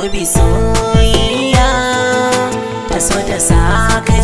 gubi soyayya ya so ta sa ka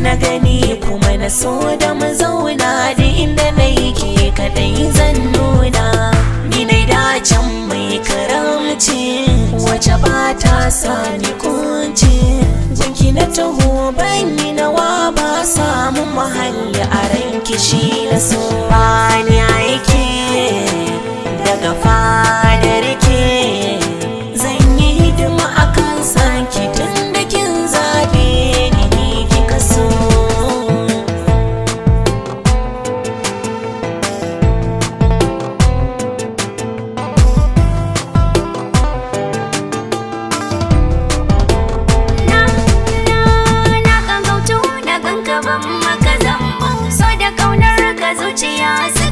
na gani kuma na so da mu zauna da inda na yi ke kadai zan nuna ni da dacen mai karamci wace ba ta sani kunci jinki na taho ban na nawa ba samun mahalli a ranki shi na so musamman so da kaunar ka zuciya su.